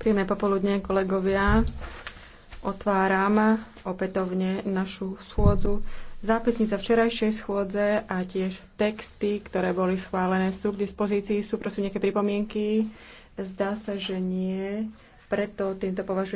Príjemné popoludne, kolegovia. Otváram opätovne našu schôdzu. Zápisnica včerajšej schôdze a tiež texty, ktoré boli schválené, sú k dispozícii. Sú prosím nejaké pripomienky? Zdá sa, že nie. Preto týmto považujem